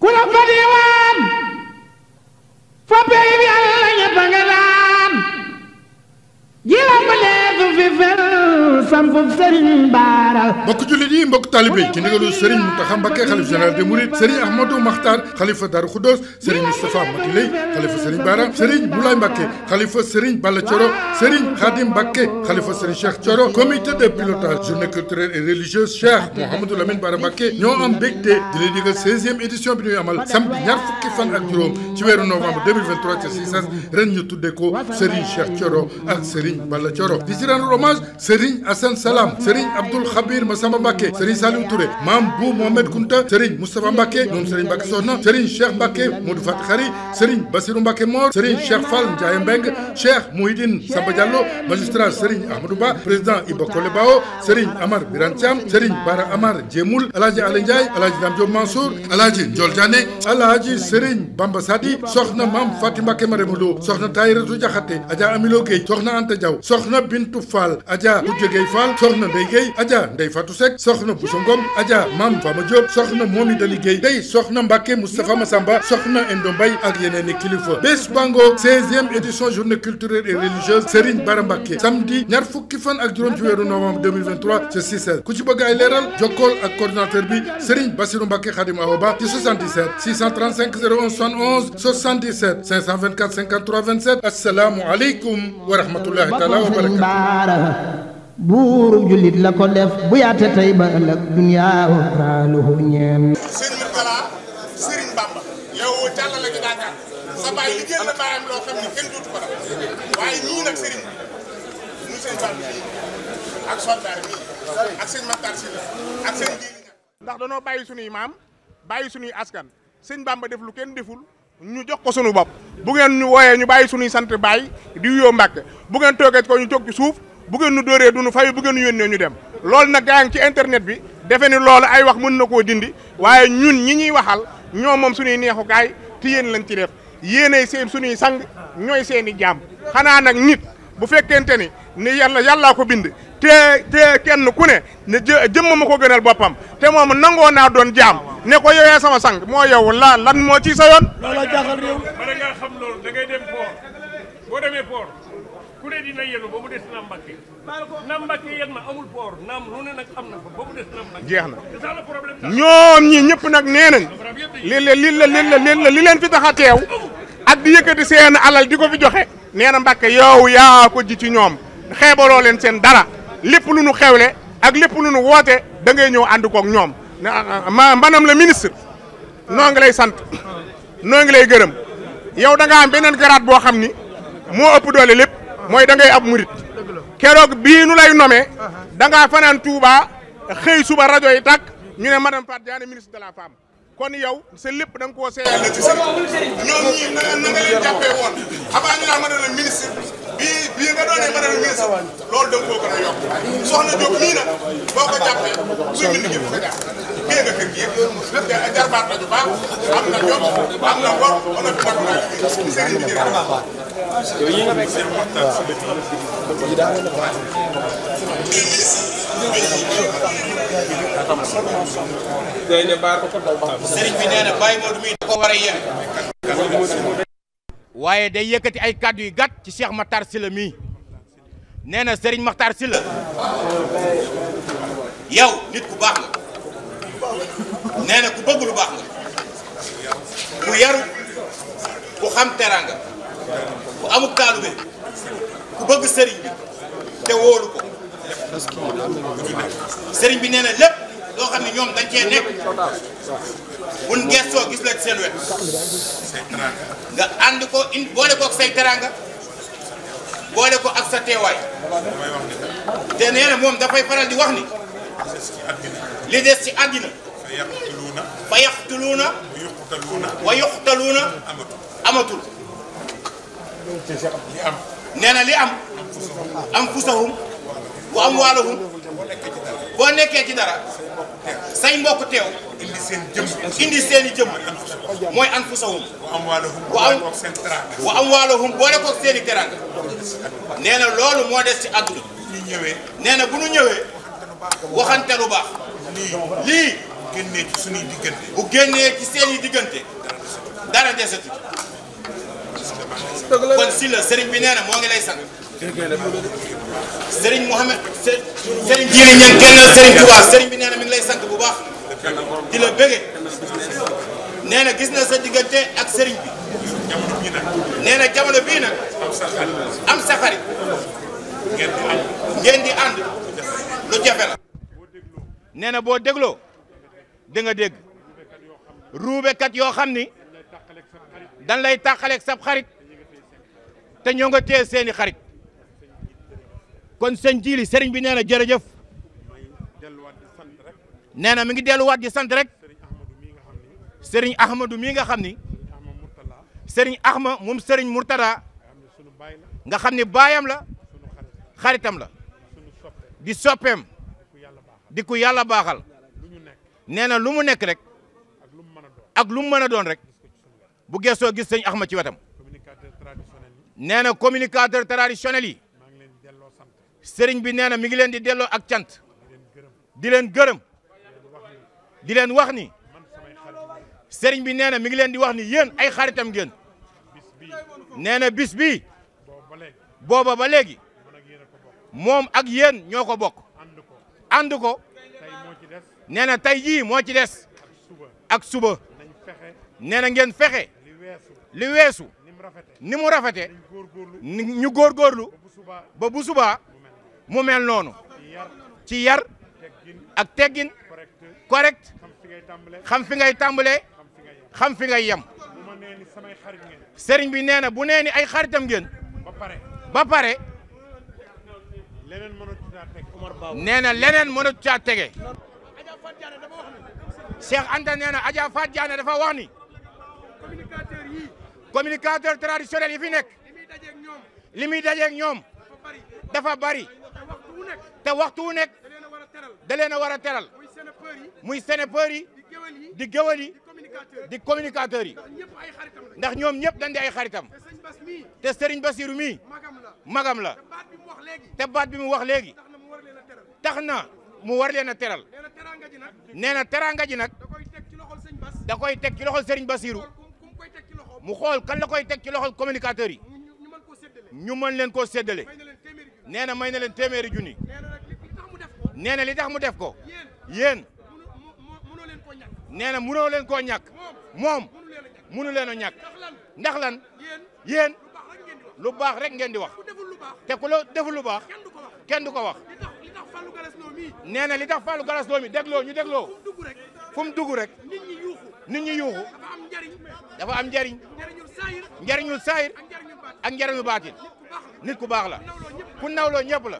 ku la sampu Serigne Bara. mbokk jullit yi mbokk taalibe yi ci ndigalu Serigne Mountakha Mbacké xalif général des Mourides Serigne Ahmadou Makhtar xalifa Darou Khoudoss Serigne Moustapha Mati Leye xalifa Serigne Bara Serigne Moulay Mbacké xalifa Serigne Balla Thioro Serigne Khadim Mbacké xalifa Serigne Cheikh Thioro comité de pilotage journée culturelle et religieuse Cheikh Mouhamadou Lamine Bara Mbacké ñoo am mbégte di leen digal 16e édition bi ñuy amal samedi ñaar fukki fan ak juróom ci weeru novembre 2023 ci Cissas ren ñu tuddee ko Serigne Cheikh Thioro ak Serigne Balla Thioro di ci rendre hommage Serigne Assane Salam Serigne Abdoul Khabir Massamba Mbacké Serigne Saliou Touré Mame Bou Mohamed Kounta Serigne Moustapha Mbacké moom Serigne Mbacké Soxna Serigne Cheikh Mbacké Modou Fat Khari Serigne Bassirou Mbacké Mor Serigne Cheikh Fall Ndiaye Mbeng Cheikh Mouhidine Samba Diallo magistrat Serigne Ahmadou Ba président Iba Kole Bao Serigne Amar Birane Thiam Bara Amar Djemoul Alhaji Alé Ndiaye Alhaji Dame Diop Mansour Alhaji Ndiol Diané Alhaji Serigne Soxna Mame Faty Mbacké Fall soxna Ndeye Guèye Adja Ndeye Fatou Seck soxna Bousso Ngom Adja Mame Fama Diop soxna Momi Dali Guèye day soxna Mbacke Moustapha Massamba soxna Endo Mbaye ak yeneen i kilifa bés bango 16e édition journée culturelle et religieuse Serigne Bara Mbacke samedi ñaar fukki fan ak juróom ci weeru novembre 2023 ci 6 ku ci bëgg ay leeral jokkool ak coordinateur bi Serigne Bassirou Mbacke Khadim Awa Ba ci 77 635 01 71 77 524 53 27 asalaamualeykum wa rahmatullahi taala wa barakatu buuru jullit la ko def bu yaate tey ba ëllëg duniyaa raaluhu ñeen sëriñ Murtala sëriñ Bamba yow jàllale la baayam loo xam ne kenn nag sëriñ bi ak soldaar mi Si la ak seen diini ndax danoo bàyyi sunuy maam bàyyi sunuy askan sëñ Bamba def lu kenn deful ñu jox ko sunu bopp bu ngeen ñu wooyee ñu bàyyi sunuy sant baay di wuyoo Mbàkke bu ngeen toogee ko ñu jóg suuf bu ngeen nu dóoree du nu fay bu ngeen nu yónnee ñu dem loolu nag gaa ci internet bi defe ni loolu ay wax mën na koo dindi waaye ñun ñi ñuy waxal ñoo moom suñuy neexukaay te yéen lañ ci def yéenay seen suñuy sang ñooy seen i jaam xanaa nag nit bu fekkente ni ne yàlla yàllaa ko bind te te kenn ku ne ne jëmm ma ko gënal boppam te moom nangoo naa doon jaam ne ko yowee sama sang moo yow laa lan moo ciy sa yoon. looloo jaaxal réew. loolu da ngay dem boo demee port. ku ne dina yenu ba mu des na Mbàkke na Mbàkke amul boor naam lu ne am na ba mu na Mbàkke jeex na ñoom ñi ñëpp nag nee nañ li la li la li li leen fi tax a teew ak di yëkkati seen alal di ko fi joxe nee na Mbàkke yow yaa ko ji ci ñoom xeebaloo leen seen dara lépp lu nu xewle ak lépp lu nu woote da ngay ñëw ànd ñoom ah, ah, ma la ministre noo ngi lay sant noo ngi lay gërëm yow danga nga am beneen garaat boo xam ni moo ëpp doole lépp mooy da ngay ab murit keroog bii nu lay nomee da fanaan Touba xëy suba rajo yi tàkk ñu ne madame Fatou Diané ministre de la femme kon yow sa lépp da na na nga leen loolu da nga koo a yokk soxna Diop nii nag boo ko jàppee suy mën ngeen ko jàpp génn kër gi yëpp lépp jar jarbaat am na jom am na ngor on a fi matuwaay sëriñ yooyu sëriñ bi nee bàyyi moo du muy da ko war a yéene. waaye day yëkkati ay kàddu yu gàtt ci Cheikh Makhtar Sylla mii nee sëriñ Makhtar Sylla yow nit ku baax nga. nee ku bëgg baax nga. ku yaru ku xam teraanga. amuk taalube ku bëgg sëriñ bi te wóolu ko sëriñ bi nee na lépp loo xam ne ñoom dañ cee nekk buñ gis la ci seen wet nga ànd ko in boole ko ak sa teewaay te nee na moom dafay faral di wax ni li des ci àddina fa yaqtuluuna wa yuqtaluuna amatul li am nee na li am. am fusahum wa am waaluhum boo nekkee ci dara say mbokk teew. indi seen jëm indi seen i jëm mooy an fusahum wa am waaluhum boole koog seen i teraanga nee na loolu moo des ci àdduna nee na bu ñu ñëwee waxante lu baax lii génnee ci suñuy diggante bu génnee ci seen i diggante dara desatu kon si la bi nee moo ngi lay sant. Serigne Mouhamed Serigne Djili Niang kennal Serigne Touba Serigne bi nee mi ngi lay sant bu baax di la bëggee na gis na sa diggante ak Serigne bi nee na jamono bii nag am safari ngeen di ànd lu jafe la. nee na boo dégloo da nga dégg ruubekat yoo xam ni. dan lay tàqaleeg sab xarit te ñoo nga seeni xarit kon sëñ jiili sëriñ bi nee na jërëjëf nee na mi ngi delluwaat di sant rek sëriñ Ahmadou mi nga xam ni sëriñ Ahma moom sëriñ Mourtada nga xam ni baayam la xaritam la di soppeem di ku yàlla baaxal nee na lu mu nekk rek ak lu mu mën a doon rek. bu gestoo gis sëñ Axma ci wetam nee na communicateur traditionnel yi sëriñ bi nee na mi ngi leen di delloo ak cant di leen gërëm di leen wax ni sëriñ bi nee na mi ngi leen di wax ni yéen ay xaritam ngeen nee na bis bii booba ba léegi moom ak yéen ñoo ko bokk ànd ko nee na tey jii moo ci des ak suba nee ngeen fexe li weesu ni mu rafete ñu góorgóorlu ba bu subaa mu mel noonu ci yar ak teggin correct xam fi ngay tàmbalee xam fi ngay yem sëriñ bi nee na bu nee ni ay xaritam ngeen ba pare nee leneen mënatu caa tege Cheikh Anta nee na Adja Fat Diané dafa wax ni communicateur traditionnel yi fi nekk li muy dajeeg ñoom dafa bari te waxtu wu nekk da leen a war a teral muy sénépeur yi di géwël yi di communicateur yi ndax ñoom ñëpp dañ ay xaritam te Serigne Bassirou mii magam la te baat bi mu wax léegi tax na mu war leen a teral nee na teraanga ji nag da koy teg ci loxol Serigne Bassirou mu xool kan la koy teg ci loxol communicateurs yi ñu mën leen koo séddale nee na may na leen téeméeri junni nee na li tax mu def ko yéen nee na mënoo leen koo ñàkk moom mënu leen a ñàkk ndax lan yéen lu baax rek ngeen di wax te ku la deful lu baax kenn du ko wax nee na li tax Fallou Galass Lô mi dégloo ñu deg fu mu dugg rek nit ñi yuuxu dafa am njariñ njariñul saayir ak njariñu baatin nit ku baax la ku nawloo ñëpp la